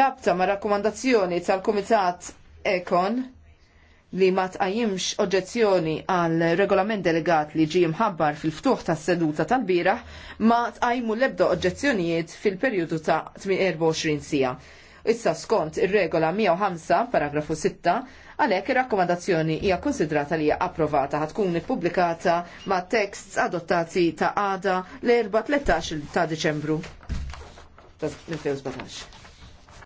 rabta ma' rakkomandazzjoni tal-Kumitat Ekon li ma tqajjimx oġġezzjoni għal regolament delegat li ġie mħabbar fil-ftuħ tas seduta tal-biraħ ma tqajmu l-ebda oġġezzjonijiet fil-perjodu ta' 24 sija. Issa skont ir-regola 105 paragrafu 6 għalhekk ir-rakkomandazzjoni hija konsidrata li hija approvata ħatkun ippubblikata ma' teksts adottati ta' għada l erba 13 ta' Deċembru. Ta' 2017.